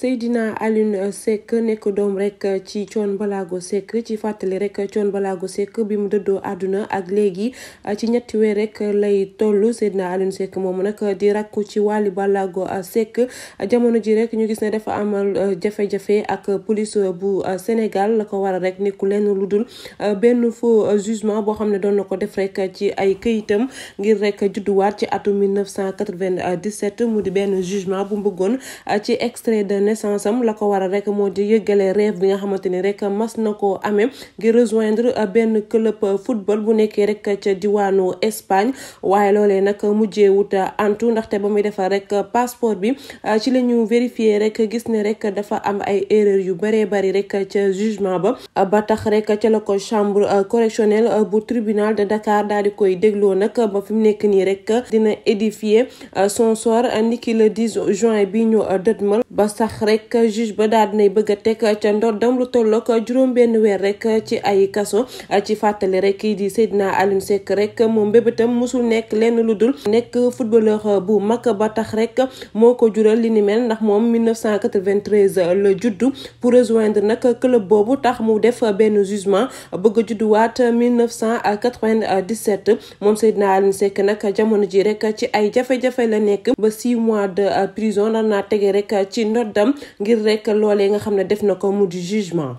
Seydina Alioune Seck nekk doom rek ci Thione Ballago Seck ci fàttali rek Thione balaago Seck bi mu dëddoo àdduna ak léegi ci ñetti weer rek lay toll Seydina Alioune Seck moom nag di rakku ci wàlli Ballago Seck jamono ji rek ñu gis ne dafa amal jafe-jafe ak police bu Sénégal la ko waral rek nekku lenn lu dul benn faux jugement boo xam ne doon na ko def rek ci ay këyitam ngir rek judduwaat ci atum 1997 mu di benn jugement bu mu bëggoon ci extrait de naissance am la ko waral rek moo di yëggale rêve bi nga xamante ni rek mas na koo amee ngir rejoindre benn club football bu nekkee rek ca diwaanu Espagne waaye loole nag mujjee wut antu ndaxte ba muy defar rek passeport bi ah, ci la ñu vérifier rek gis ne rek dafa am ay erreur yu baree bari rek ca jugement ba ba tax rek ca la ko chambre correctionnelle bu tribunal de Dakar daal di koy dégloo nag ba fi mu nekk nii rek dina édifier ah, son sort niki le juin bi ñu ba sax rek juge ba daal dinay bëgg a teg ca ndoddam lu tolloog juróom benn weer rek ci ay kaso ci fàttali rek kii di Seydina Alioune Seck rek moom bébétam musul nekk lenn lu dul nekk footballeur bu mag ba tax rek moo ko jural li ni mel ndax moom 1993 la juddu pour rejoindre nag club boobu tax mu def benn jugement bëgg a judduwaat 1997 moom Seydina Alioune sekk nag jamono ji rek ci ay jafe-jafe la nekk ba six mois de prison nar na tege rek ci ci noddam ngir rek loolee nga xam ne def na ko mu di jugement